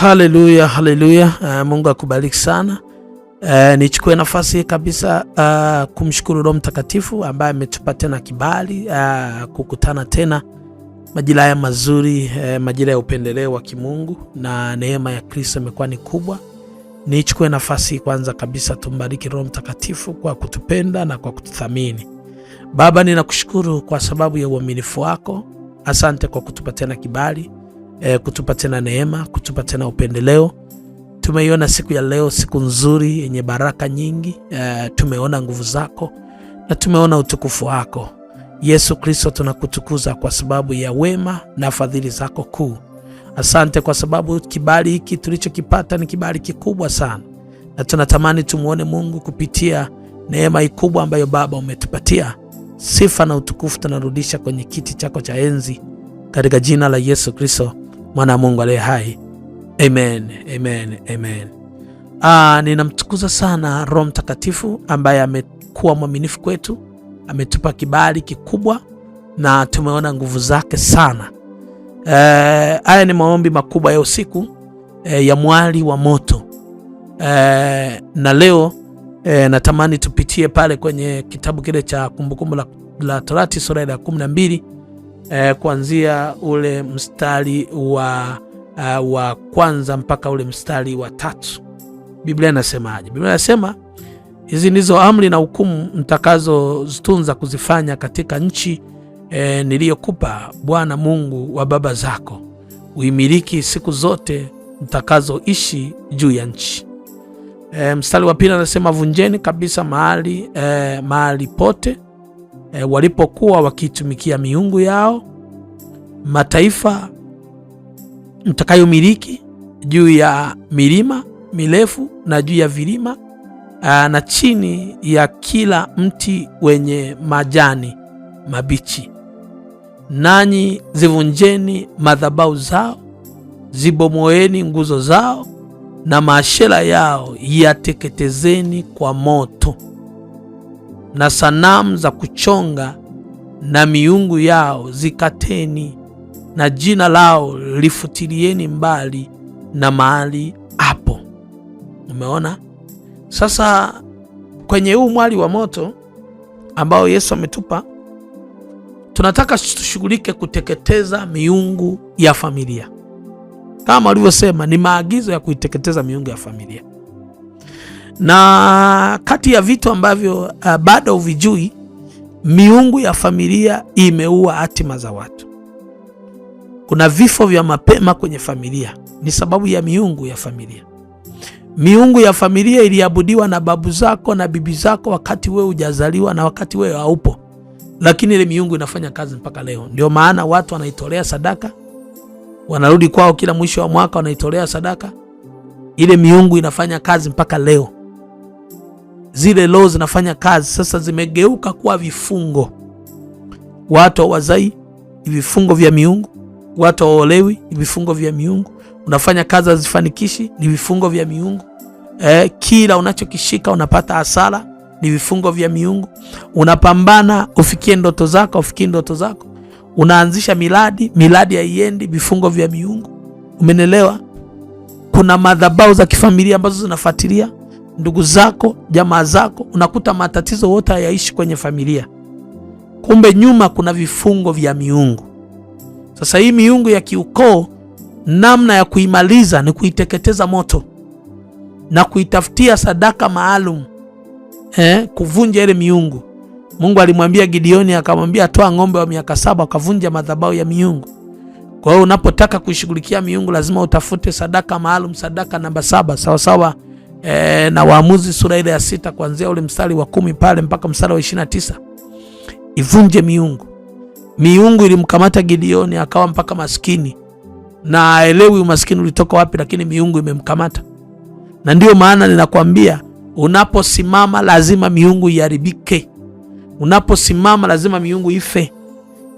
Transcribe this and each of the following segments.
Haleluya, haleluya. Uh, eh, Mungu akubariki sana. Uh, nichukue nafasi kabisa uh, kumshukuru Roho Mtakatifu ambaye ametupa tena kibali uh, kukutana tena majira haya mazuri uh, majira ya upendeleo wa kimungu na neema ya Kristo imekuwa ni kubwa. Nichukue nafasi kwanza kabisa tumbariki Roho Mtakatifu kwa kutupenda na kwa kututhamini. Baba, ninakushukuru kwa sababu ya uaminifu wako. Asante kwa kutupa tena kibali eh, kutupa tena neema, kutupa tena upendeleo. Tumeiona siku ya leo, siku nzuri yenye baraka nyingi Eh, tumeona nguvu zako na tumeona utukufu wako Yesu Kristo. Tunakutukuza kwa sababu ya wema na fadhili zako kuu. Asante kwa sababu kibali hiki tulichokipata ni kibali kikubwa sana, na tunatamani tumwone Mungu kupitia neema hii kubwa ambayo Baba umetupatia. Sifa na utukufu tunarudisha kwenye kiti chako cha enzi katika jina la Yesu Kristo mwana wa Mungu aliye hai. Amen, amen, amen. Ah, ninamtukuza sana Roho Mtakatifu ambaye amekuwa mwaminifu kwetu, ametupa kibali kikubwa na tumeona nguvu zake sana. Eh, haya e, ni maombi makubwa ya usiku e, ya mwali wa moto e, na leo e, natamani tupitie pale kwenye kitabu kile cha Kumbukumbu la, la Torati sura ya kumi na mbili eh, kuanzia ule mstari wa, uh, wa kwanza mpaka ule mstari wa tatu. Biblia inasemaje? Biblia inasema hizi ndizo amri na hukumu mtakazozitunza kuzifanya katika nchi E, niliyokupa Bwana Mungu wa baba zako uimiliki siku zote mtakazoishi juu ya nchi. E, mstari wa pili anasema vunjeni kabisa mahali e, mahali pote e, walipokuwa wakitumikia miungu yao, mataifa mtakayomiliki juu ya milima mirefu na juu ya vilima eh, na chini ya kila mti wenye majani mabichi. Nanyi zivunjeni madhabau zao, zibomoeni nguzo zao, na maashera yao yateketezeni kwa moto na sanamu za kuchonga na miungu yao zikateni, na jina lao lifutilieni mbali na mahali hapo. Umeona sasa, kwenye huu mwali wa moto ambao Yesu ametupa, tunataka tushughulike kuteketeza miungu ya familia. Kama alivyosema, ni maagizo ya kuiteketeza miungu ya familia na kati ya vitu ambavyo uh, bado uvijui, miungu ya familia imeua hatima za watu. Kuna vifo vya mapema kwenye familia, ni sababu ya miungu ya familia. Miungu ya familia iliabudiwa na babu zako na bibi zako wakati wewe hujazaliwa na wakati wewe haupo, lakini ile miungu inafanya kazi mpaka leo. Ndio maana watu wanaitolea sadaka, wanarudi kwao kila mwisho wa mwaka wanaitolea sadaka. Ile miungu inafanya kazi mpaka leo zile loo zinafanya kazi sasa, zimegeuka kuwa vifungo. Watu hawazai ni vifungo vya miungu, watu hawaolewi ni vifungo vya miungu, unafanya kazi hazifanikishi ni vifungo vya miungu. Eh, kila unachokishika unapata hasara ni vifungo vya miungu. Unapambana ufikie ndoto zako, ufikie ndoto zako, unaanzisha miradi, miradi haiendi, vifungo vya miungu. Umenelewa? Kuna madhabahu za kifamilia ambazo zinafuatilia ndugu zako, jamaa zako, unakuta matatizo wote hayaishi kwenye familia. Kumbe nyuma kuna vifungo vya miungu. Sasa hii miungu ya kiukoo, namna ya kuimaliza ni kuiteketeza moto na kuitafutia sadaka maalum eh, kuvunja ile miungu. Mungu alimwambia Gideoni, akamwambia toa ng'ombe wa miaka saba, akavunja madhabahu ya miungu. Kwa hiyo unapotaka kuishughulikia miungu lazima utafute sadaka maalum, sadaka namba saba, sawasawa e, na Waamuzi sura ile ya sita kuanzia ule mstari wa kumi pale mpaka mstari wa ishirini na tisa ivunje miungu. Miungu ilimkamata Gideoni akawa mpaka maskini na aelewi umaskini ulitoka wapi, lakini miungu imemkamata. Na ndiyo maana ninakwambia unaposimama lazima miungu iharibike, unaposimama lazima miungu ife,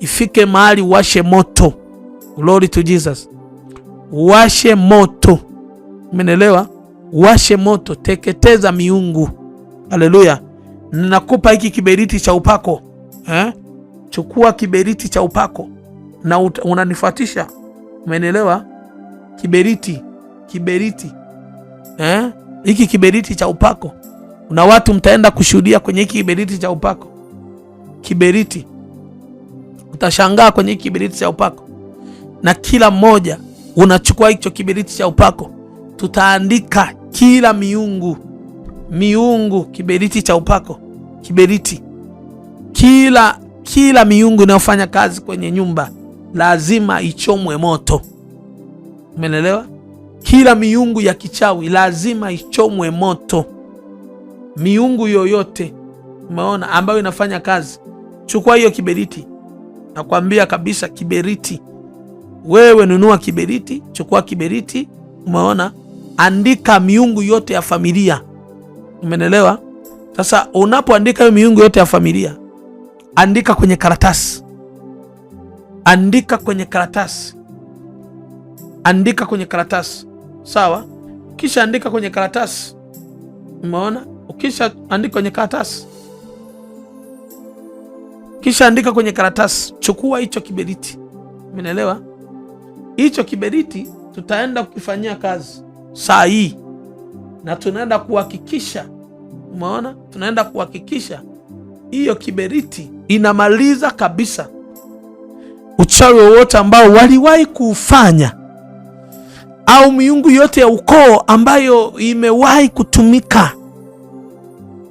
ifike mahali uwashe moto. Glory to Jesus, uwashe moto, umenelewa? washe moto, teketeza miungu. Haleluya! nakupa hiki kiberiti cha upako eh? Chukua kiberiti cha upako na unanifuatisha. Umenielewa? Kiberiti, kiberiti eh? Hiki kiberiti cha upako, na watu mtaenda kushuhudia kwenye hiki kiberiti cha upako. Kiberiti utashangaa kwenye hiki kiberiti cha upako, na kila mmoja unachukua hicho kiberiti cha upako, tutaandika kila miungu, miungu, kiberiti cha upako, kiberiti, kila kila miungu inayofanya kazi kwenye nyumba lazima ichomwe moto. Umeelewa? Kila miungu ya kichawi lazima ichomwe moto. Miungu yoyote umeona, ambayo inafanya kazi, chukua hiyo kiberiti. Nakwambia kabisa, kiberiti. Wewe nunua kiberiti, chukua kiberiti, umeona, andika miungu yote ya familia. Umenelewa? Sasa unapoandika hiyo miungu yote ya familia, andika kwenye karatasi, andika kwenye karatasi, andika kwenye karatasi, sawa? Kisha andika kwenye karatasi, umeona? Ukisha andika kwenye karatasi, kisha andika kwenye karatasi, chukua hicho kiberiti, umenelewa? Hicho kiberiti tutaenda kukifanyia kazi saa hii, na tunaenda kuhakikisha, umeona, tunaenda kuhakikisha hiyo kiberiti inamaliza kabisa uchawi wowote ambao waliwahi kuufanya au miungu yote ya ukoo ambayo imewahi kutumika.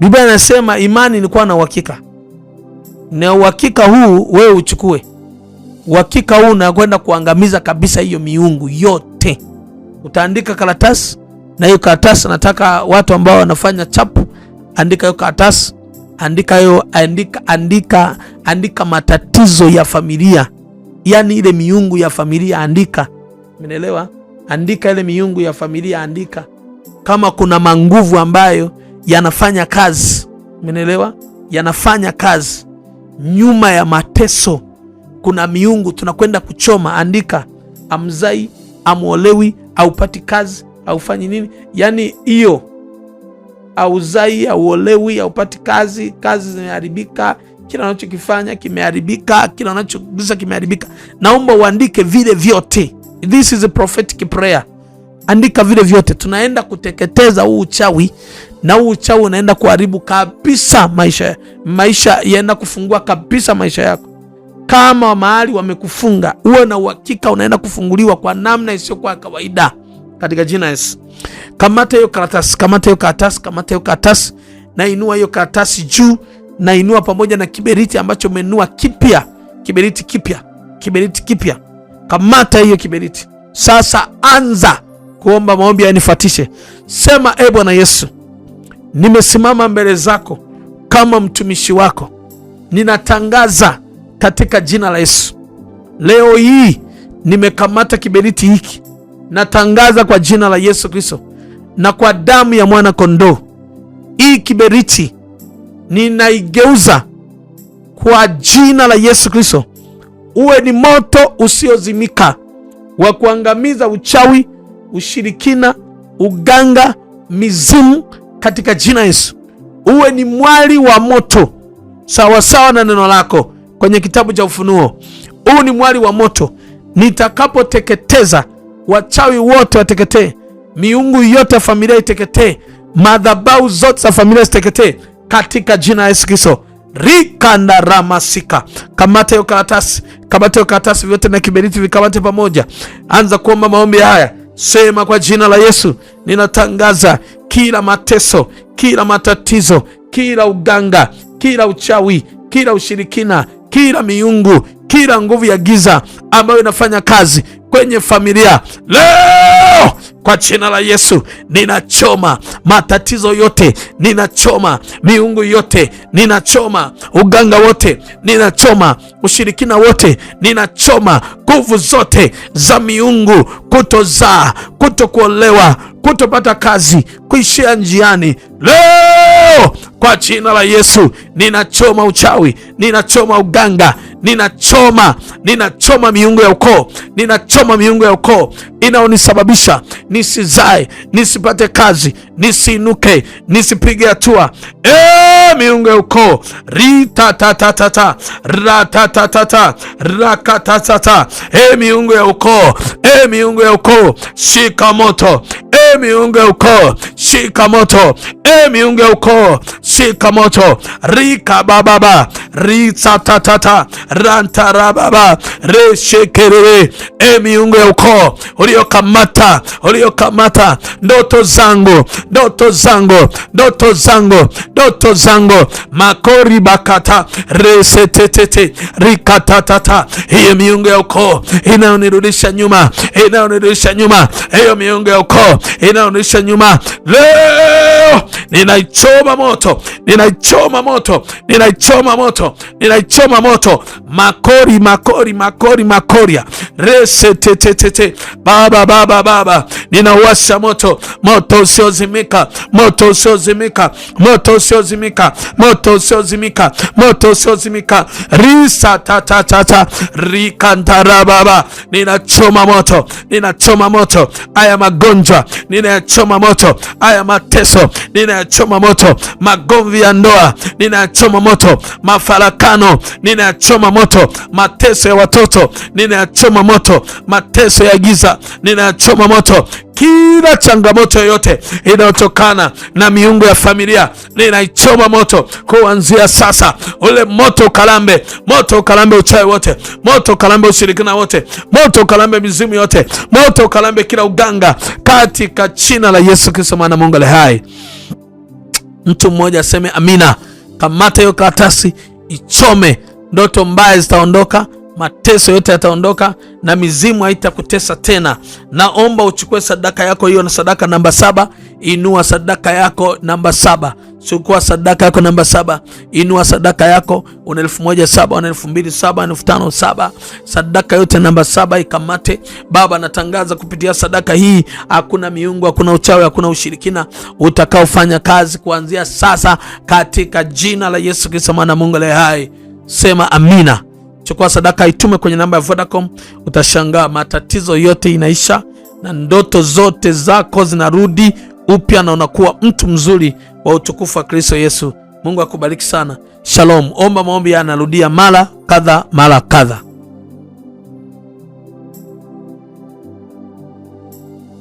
Biblia inasema imani ni kuwa na uhakika, na uhakika huu wewe uchukue uhakika huu unakwenda kuangamiza kabisa hiyo miungu yote utaandika karatasi, na hiyo karatasi nataka watu ambao wanafanya chapu, andika hiyo karatasi, andika hiyo, andika, andika, andika matatizo ya familia, yani ile miungu ya familia andika. Umeelewa? Andika ile miungu ya familia andika, kama kuna manguvu ambayo yanafanya kazi, umeelewa? Yanafanya kazi nyuma ya mateso, kuna miungu tunakwenda kuchoma, andika amzai, amuolewi haupati kazi, haufanyi nini, yaani hiyo auzai auolewi haupati kazi, kazi zimeharibika, kila unachokifanya kimeharibika, kila unachogusa kimeharibika. Naomba uandike vile vyote. This is a prophetic prayer. Andika vile vyote, tunaenda kuteketeza huu uchawi, na huu uchawi unaenda kuharibu kabisa maisha, maisha yaenda kufungua kabisa maisha yako. Kama mahali wamekufunga, uwe na uhakika unaenda kufunguliwa kwa namna isiyokuwa kawaida katika jina Yesu. Kamata hiyo karatasi, kamata hiyo karatasi, kamata hiyo karatasi, na inua hiyo karatasi juu, na inua pamoja na kiberiti ambacho umenua kipya, kiberiti kipya, kiberiti kipya. Kamata hiyo kiberiti sasa, anza kuomba maombi yanifuatishe. Sema, e Bwana Yesu, nimesimama mbele zako kama mtumishi wako, ninatangaza katika jina la Yesu. Leo hii nimekamata kiberiti hiki, natangaza kwa jina la Yesu Kristo na kwa damu ya mwana kondoo, hii kiberiti ninaigeuza kwa jina la Yesu Kristo, uwe ni moto usiozimika wa kuangamiza uchawi, ushirikina, uganga, mizimu katika jina Yesu. Uwe ni mwali wa moto sawasawa na neno lako kwenye kitabu cha Ufunuo. Huu ni mwali wa moto, nitakapoteketeza wachawi wote wateketee, miungu yote ya familia iteketee, madhabau zote za familia ziteketee katika jina la Yesu Kristo. Rikanda ramasika, kamata hiyo karatasi, kamata hiyo karatasi, vyote na kiberiti vikamate pamoja. Anza kuomba maombi haya, sema kwa jina la Yesu, ninatangaza kila mateso, kila matatizo, kila uganga, kila uchawi, kila ushirikina kila miungu, kila nguvu ya giza ambayo inafanya kazi kwenye familia leo kwa jina la Yesu ninachoma matatizo yote, ninachoma miungu yote, ninachoma uganga wote, ninachoma ushirikina wote, ninachoma nguvu zote za miungu, kutozaa, kutokuolewa, kutopata kazi, kuishia njiani leo kwa jina la Yesu ninachoma uchawi, ninachoma uganga, ninachoma ninachoma miungu ya ukoo, ninachoma miungu ya ukoo inaonisababisha nisizae, nisipate kazi, nisiinuke, nisipige hatua. E, miungu ya ukoo ritatatata ratatatata rakatatata. E, miungu ya ukoo, e, miungu ya ukoo, shika moto e, Eh, miungu ya ukoo shika moto, e miungu ya ukoo shika moto. rika bababa risatatata rantarababa reshekerere e eh, miungu ya ukoo uliokamata, uliokamata ndoto zangu, ndoto zangu, ndoto zangu, ndoto zangu makori bakata resetetete rikatatata. Hiyo miungu ya ukoo inayonirudisha nyuma, inayonirudisha nyuma, hiyo miungu ya ukoo inaonyesha nyuma leo ninaichoma moto, ninaichoma moto, ninaichoma moto, ninaichoma moto. Makori, makori, makori, makoria rese tetetete Baba, baba, baba, ninawasha moto, moto usiozimika, moto usiozimika, moto usiozimika, moto usiozimika, moto usiozimika, risa tatatata tata rikantara. Baba, ninachoma moto, ninachoma moto haya magonjwa, ninayachoma moto haya mateso, nina ninayachoma moto. Magomvi ya ndoa ninayachoma moto. Mafarakano ninayachoma moto. Mateso ya watoto ninayachoma moto. Mateso ya giza ninayachoma moto kila changamoto yoyote inayotokana na miungu ya familia ninaichoma moto kuanzia sasa. Ule moto ukalambe, moto ukalambe uchawi wote, moto ukalambe ushirikina wote, moto ukalambe mizimu yote, moto ukalambe kila uganga, katika jina la Yesu Kristo, maana Mungu ali hai. Mtu mmoja aseme amina. Kamata hiyo karatasi, ichome. Ndoto mbaya zitaondoka, mateso yote yataondoka, na mizimu haitakutesa tena. Naomba uchukue sadaka yako hiyo, na sadaka namba saba. Inua sadaka yako namba saba. Chukua sadaka yako namba saba, inua sadaka yako, una elfu moja saba, una elfu mbili saba, elfu tano saba. Sadaka yote namba saba ikamate. Baba, natangaza kupitia sadaka hii, hakuna miungu, hakuna uchawi, hakuna ushirikina utakaofanya kazi kuanzia sasa, katika jina la Yesu Kristo, mwana Mungu aliye hai. Sema amina. Chukua sadaka, itume kwenye namba ya Vodacom. Utashangaa matatizo yote inaisha na ndoto zote zako zinarudi upya na unakuwa mtu mzuri wa utukufu wa Kristo Yesu. Mungu akubariki sana. Shalom. Omba maombi yanarudia mara kadha mara kadha.